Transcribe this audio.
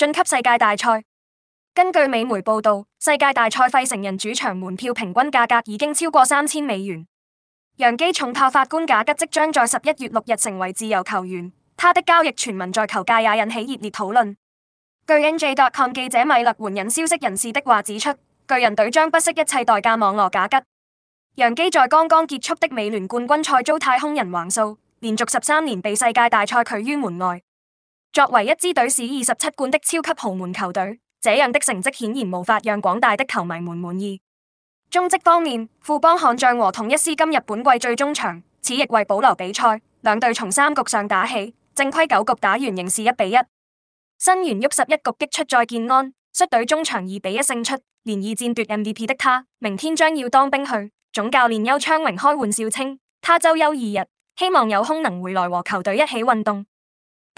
晉級世界大賽。根據美媒報道，世界大賽費城人主場門票平均價格已經超過三千美元。洋基重炮法官賈吉即將在十一月六日成為自由球員，他的交易傳聞在球界也引起熱烈討論。據 N.J. dot com 記者米勒援引消息人士的話指出，巨人隊將不惜一切代價網羅賈吉。洋基在剛剛結束的美聯冠軍賽遭太空人橫掃，連續十三年被世界大賽拒於門外。作為一支隊史二十七冠的超級豪門球隊，這樣的成績顯然無法讓廣大的球迷們滿，滿意。中職方面，富邦悍將和統一獅今日本季最終場，此亦為保留比賽，兩隊從三局上打起，正規九局打完仍是一比一。新元旭十一局擊出再見安，率隊中場二比一勝出。連二戰奪 MVP 的他，明天將要當兵去。總教練邱昌榮開玩笑稱，他周休二日，希望有空能回來和球隊一起運動。